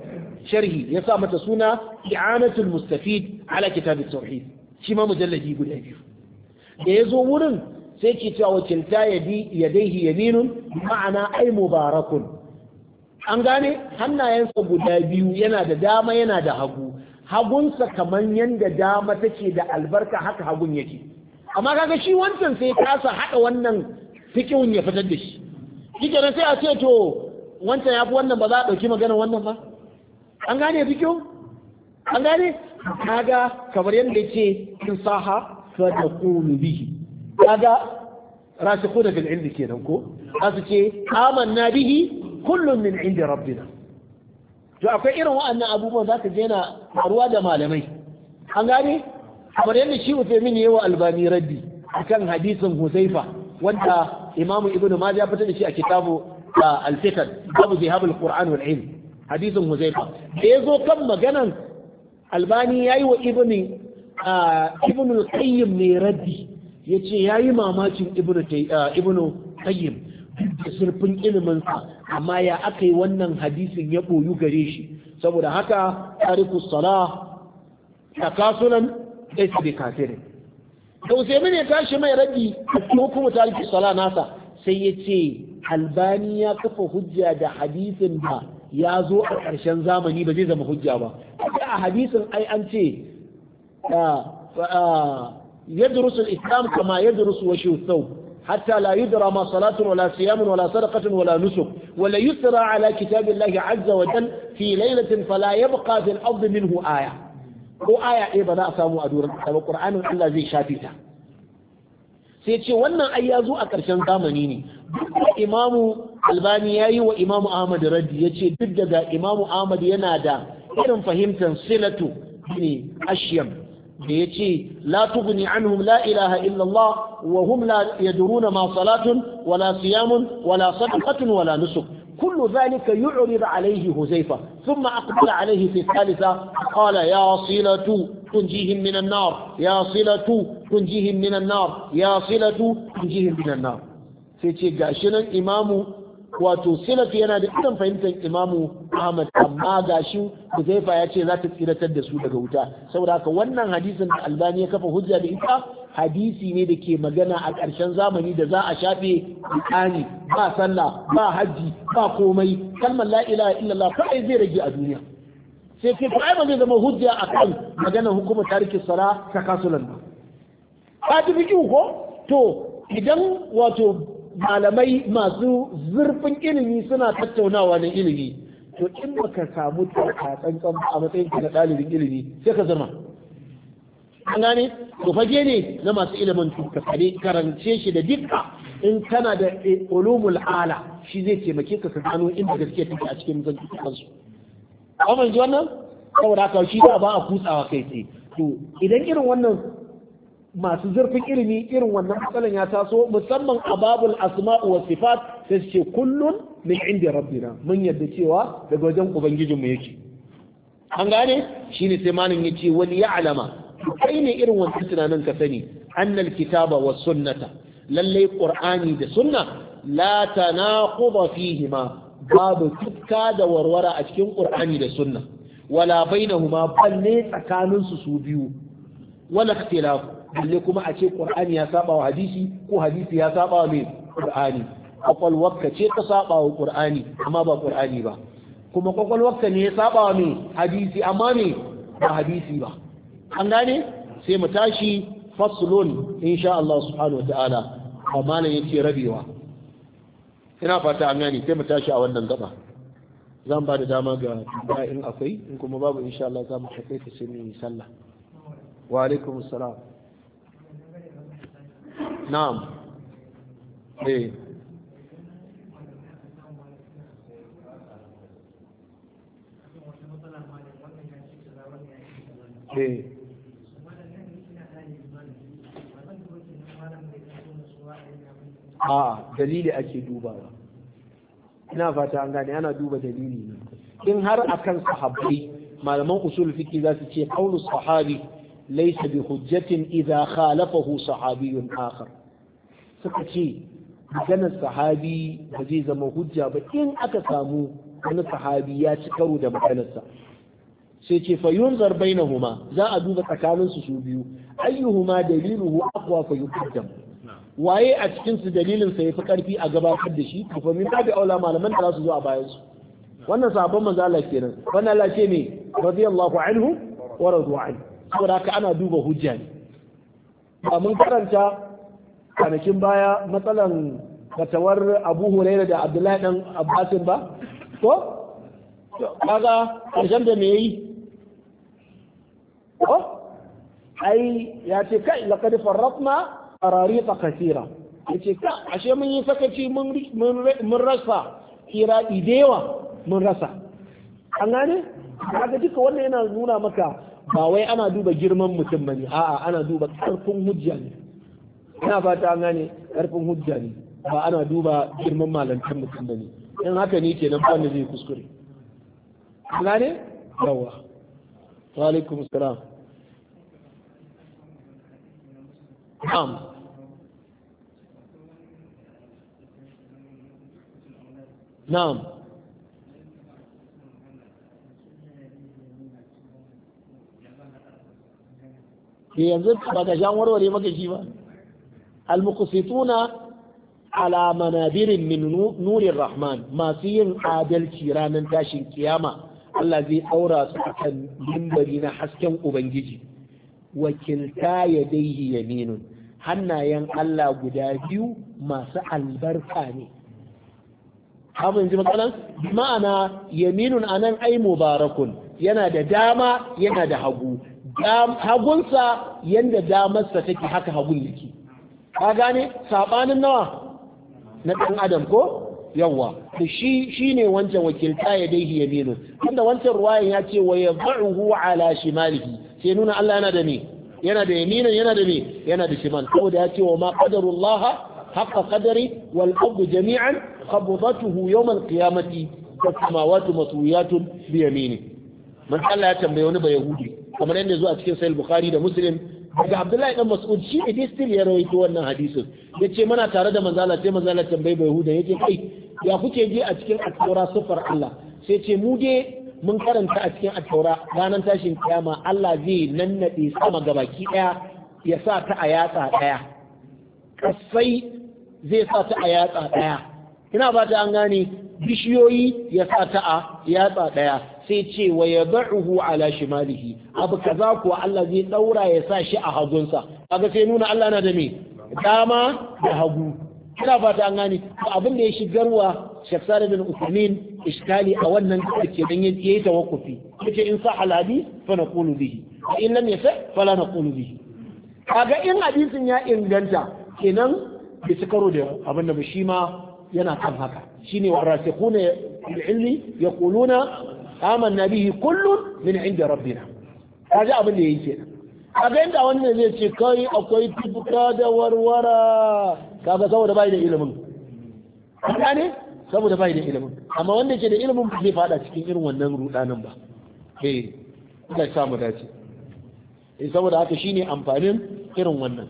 sharhi ya sa mata suna i'anatul mustafid ala kitabit tauhid shi ma mujalladi guda biyu da ya zo wurin sai ke cewa wakilta ya daihi ya yaminun ma'ana ai mubarakun an gane hannayensa guda biyu yana da dama yana da hagu hagunsa kamar yadda dama take da albarka haka hagun yake amma kaga shi wancan sai kasa haɗa wannan fikin ya fitar da shi nan sai a ce to wancan ya fi wannan ba za a ɗauki maganar wannan ba an gane fikin an gane kaga kamar yadda ce in saha sadaqu bihi kaga rasikhuna fil ilmi kenan ko asu ce amanna bihi kullun min indi rabbina to akwai irin wa'annan abubuwan zaka je na ruwa da malamai an gane kamar shi Uthaymeen yayi wa Albani raddi akan hadisin Huzaifa wanda Imam Ibn Majah fitar da shi a kitabu Al-Fiqh babu zihab al-Qur'an wal ilm hadisin Huzaifa da yazo kan maganan Albani yayi wa Ibn a ibnu qayyim ne raddi yace yayi mamakin Ibnu ibnu qayyim da surfin ilimin sa amma ya akai wannan hadisin ya boyu gare shi saboda haka tariku salah takasulan laysa bi kafirin da usaimin ya tashi mai raddi ko kuma tariku salah nasa sai yace albani ya kafa hujja da hadisin da ya zo a ƙarshen zamani ba zai zama hujja ba a hadisin ai an ce يدرس الإسلام كما يدرس وشي الثوب حتى لا يدرى ما صلاة ولا صيام ولا صدقة ولا نسك ولا يسرى على كتاب الله عز وجل في ليلة فلا يبقى في الأرض منه آية ko aya ɗaya ba za a samu a doron ƙasa ba Allah zai shafe ta sai ce wannan ai ya a ƙarshen zamani ne duk da imamu albani ya yi wa Imam ahmad raddi ya ce duk daga imamu ahmad yana da irin fahimtar silatu ne ashyam da ya ce la tuguni anhum la ilaha illallah wa hum la yadruna ma salatun wala siyamun wala sadaqatun wala nusuk كل ذلك يعرض عليه هزيفة ثم أقبل عليه في الثالثة قال يا صلة تنجيهم من النار يا صلة تنجيهم من النار يا صلة تنجيهم من النار sai ce gashi imamu wato salaf yana da irin fahimtar imamu ahmad amma gashi huzaifa ya ce za ta tsiratar da su daga wuta saboda haka wannan hadisin da albani ya kafa hujja da ita hadisi ne da ke magana a ƙarshen zamani da za a shafe bukani ba sallah ba hajji ba komai kalmar la ilaha illallah kai zai rage a duniya sai ke ai ba zai zama hujja akan maganar hukumar tarikin sara ta kasulan ba ta ko to idan wato malamai masu zurfin ilimi suna tattaunawa na ilimi to in baka samu tsantsan a matsayin ka na ɗalibin ilimi sai ka zama an gane to fage ne na masu ilimin tukakare karance shi da dukka in kana da eh, ulumul ala shi zai taimake ka ka gano inda gaskiya take a cikin zantukan kansu amma ji wannan saboda haka shi ba a kutsawa kai sai. to idan irin wannan masu zurfin ilimi irin wannan matsalan ya taso musamman a babul asma'u wa sifat sai su ce kullun min indi rabbina mun yadda cewa daga wajen ubangijinmu yake an gane shine sai ya yace wani ya alama kai ne irin wannan tunanin ka sani annal kitaba was sunnata lallai qur'ani da sunna la tanaquda fihima babu tukka da warwara a cikin qur'ani da sunna wala bainahuma balle tsakaninsu su biyu wala ikhtilafu balle kuma a ce qur'ani ya saba wa hadisi ko hadisi ya saba wa mai qur'ani kwakwalwarka ce ta saba wa qur'ani amma ba qur'ani ba kuma kwakwalwarka ne ya saba wa mai hadisi amma mai ba hadisi ba an gane sai mu tashi faslun insha Allah subhanahu wa ta'ala amma nan yake rabewa ina fata an gane sai mu tashi a wannan gaba zan ba da dama ga in akwai in kuma babu insha Allah za mu haƙaita sai mu sallah wa alaikum salam. نعم ايه ايه a dalili ake dubawa ina fata an gane ana duba dalili ne in har akan sahabbai malaman usul fiqi za su ce qaulu sahabi laysa bi hujjatin idza khalafahu sahabiyyun akhar suka ce maganar sahabi ba zai zama hujja ba in aka samu wani sahabi ya ci karo da maganarsa sai ce fa yunzar za a duba tsakanin su su biyu ayyuhuma daliluhu aqwa fa yuqaddam waye a cikin su dalilin sa yafi karfi a gabatar da shi to fa min aula malaman da su zo a bayan su wannan sabon manzo Allah kenan wannan Allah ce ne radiyallahu anhu wa radu anhu saboda haka ana duba hujja ne mun karanta kwanakin baya matsalan fatawar abu huraira da abdullahi dan abbasin ba ko kaga ƙarshen da me yi ko ai ya ce kai laqad farratna qarariqa Ya ce ka ashe mun yi sakaci mun mun rasa kira idewa mun rasa an gane kaga duka wannan yana nuna maka ba wai ana duba girman mutum bane a'a ana duba karfin hujja ne ina fata an gane karfin hujja ne ba ana duba girman malantar mutum ba ne in haka ne nan ba zai kuskure an gane yawa wa alaikum salam am na'am ke eh, yanzu ba ka shan warware maka shi ba al-muqsituna ala manabirin min nurin rahman masu yin adalci ranar tashin ƙiyama, Allah zai aura su a kan limbari na hasken Ubangiji wakilta ya daihi yaminu, hannayen Allah guda biyu masu albarka ne abin ji matsalan ma'ana yaminun anan ai mubarakun yana da dama yana da hagu hagunsa yadda damarsa take haka hagun yake ka gane sabanin nawa na ɗan adam ko yawa Da shi ne wancan wakilta ya dai yaminu tunda wancan ruwayan ya ce wa yad'uhu ala shimalihi sai nuna Allah yana da me yana da yaminin yana da me yana da shimal saboda ya ce wa ma qadarullah haqqa qadari wal ardu jami'an qabdatuhu yawm al qiyamati was samawati maswiyatun bi yamini man Allah ya tambaye wani ba yahudi kamar yadda zuwa cikin sahih bukhari da muslim daga abdullahi dan mas'ud shi ne still ya rawaito wannan hadisin ya ce mana tare da manzala sai manzala tambayi bai huda ce kai ya kuke je a cikin at sufar Allah sai ce mu dai mun karanta a cikin at ranar tashin kiyama Allah zai nannade sama gabaki daya ya sa ta a yatsa daya kasai zai sa ta a yatsa ɗaya. ina ba ta an gane bishiyoyi ya sa ta a yatsa ɗaya. sai ce wa ya da'uhu ala shimalihi abu kaza kuwa Allah zai daura ya sa shi a hagunsa kaga sai nuna Allah na da me dama da hagu ina fata an gane abin da ya shigarwa shaksar bin usmin iskali a wannan kake dan yayi tawakkufi yace in sa halabi fa naqulu bihi in lam yasa fala naqulu bihi kaga in hadisin ya inganta kenan bai da abin da shi ma yana kan haka shine wa bil ilmi yaquluna amanna bihi kullun min inda rabbina kaji abin da yake kaga inda wannan zai ce kai akwai tubuka da warwara kaga saboda bai da ilimin kaga ne saboda bai da ilimin amma wanda ke da ilimin ba zai fada cikin irin wannan rudanin ba eh ina samu dace eh saboda haka shine amfanin irin wannan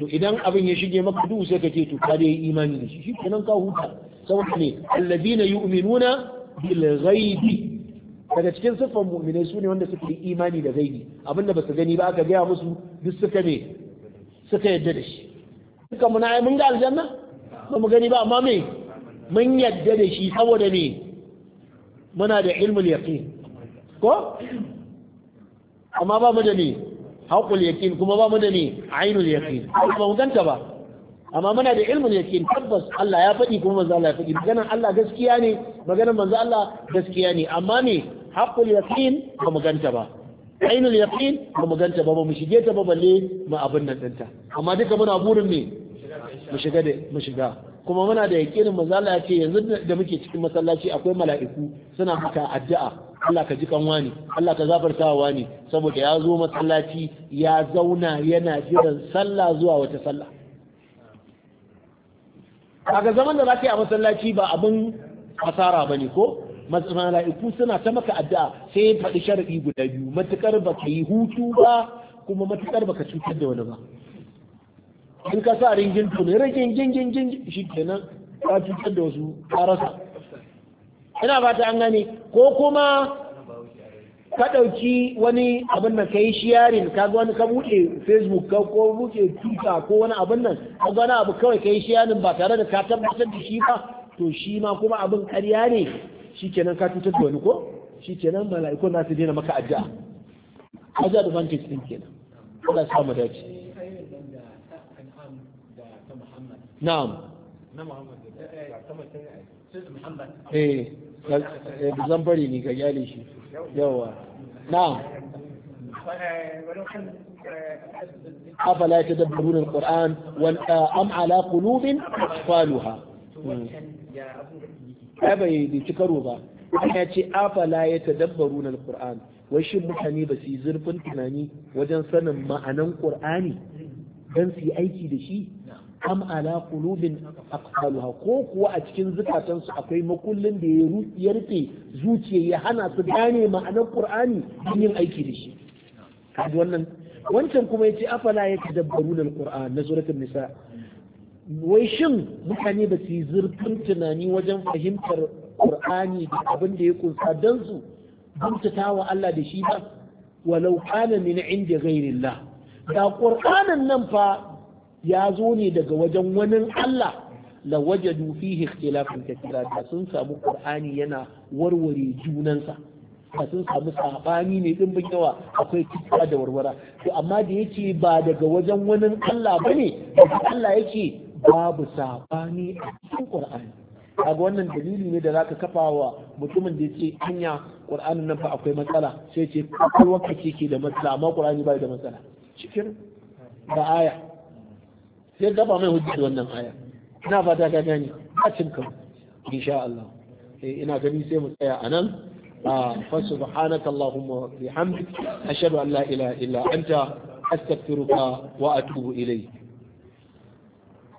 to idan abin ya shige maka duhu sai kake to ka dai imani da shi shi kenan ka huta saboda ne alladina yu'minuna bil ghaibi daga cikin siffan mu'minai su ne wanda suka yi imani da zaidi. abinda ba su gani ba aka gaya musu duk suka ne suka yadda da shi suka muna ai mun ga aljanna ba mu gani ba amma me mun yadda da shi saboda me muna da ilmul yaqin ko amma ba mu da ne haqul yaqin kuma ba mu da ne ainul yaqin ba mu ganta ba amma muna da ilmin yakin tabbas Allah ya faɗi kuma manzo Allah ya faɗi maganar Allah gaskiya ne maganar manzo Allah gaskiya ne amma ne haƙul yaqin ba mu ganta ba ainul yaqin ba mu ganta ba ba mu shige ta ba balle ma abin nan dinta amma duka muna burin ne mu shiga da mu shiga kuma muna da yaqinin mazala ce yanzu da muke cikin masallaci akwai mala'iku suna maka addu'a Allah ka ji kanwa ne Allah ka zafarta wa ne saboda ya zo masallaci ya zauna yana jiran sallah zuwa wata sallah kaga zaman da za ka yi a masallaci ba abin asara bane ko mala'iku suna ta maka addu'a sai faɗi sharaɗi guda biyu matukar ba ka yi hutu ba kuma matukar ba ka cutar da wani ba in ka sa ringin to ne rage gingin gingin shi kenan ka cutar da wasu ka rasa ina fata an gane ko kuma ka ɗauki wani abin nan ka yi sharing ka ga wani ka buɗe facebook ka ko buɗe twitter ko wani abin nan ka ga wani abu kawai ka yi sharing ba tare da ka tabbatar da shi ba to shi ma kuma abin ƙarya ne shikenan ka cutar da wani ko shikenan mala'iku na su daina maka ajiya. Ajiya da vantage din kenan Allah ya samu dace na'am na Muhammad eh, eh zan bari ni ga yale shi yawa na'am أفلا يتدبرون القرآن أم على قلوب أقفالها ai bai bai karo ba Allah ya ce afala ya tadabbaru na alkur'an wai shin mutane ba su yi zurfin tunani wajen sanin ma'anan qur'ani dan su yi aiki da shi am ala qulubin aqfaluha ko kuwa a cikin zukatansu akwai makullin da ya rufe zuciya ya hana su gane ma'anar qur'ani don yin aiki da shi kaji wannan wancan kuma yace afala ya tadabbaru na alkur'an na suratul nisa wai shin mutane ba su yi zurfin tunani wajen fahimtar Qur'ani da abin da ya kunsa don su zuntata wa Allah da shi ba walau kana min inda ghairillah da Qur'anin nan fa ya zo ne daga wajen wani Allah la wajadu fihi ikhtilafan katira da sun samu Qur'ani yana warware junansa ba sun samu sabani ne din bin yawa akwai kitsa da warwara to amma da yake ba daga wajen wani Allah bane Allah yake babu sabani a cikin qur'ani kaga wannan dalili ne da zaka kafa wa mutumin da yace hanya qur'anin nan fa akwai matsala sai ce kalwarka ce ke da matsala amma qur'ani bai da matsala cikin da aya sai gaba mai hujjar wannan aya ina fata ka gani ba cin kan insha Allah eh, ina gani sai mu tsaya anan فسبحانك اللهم وبحمدك أشهد أن لا إله إلا أنت أستغفرك وأتوب إليك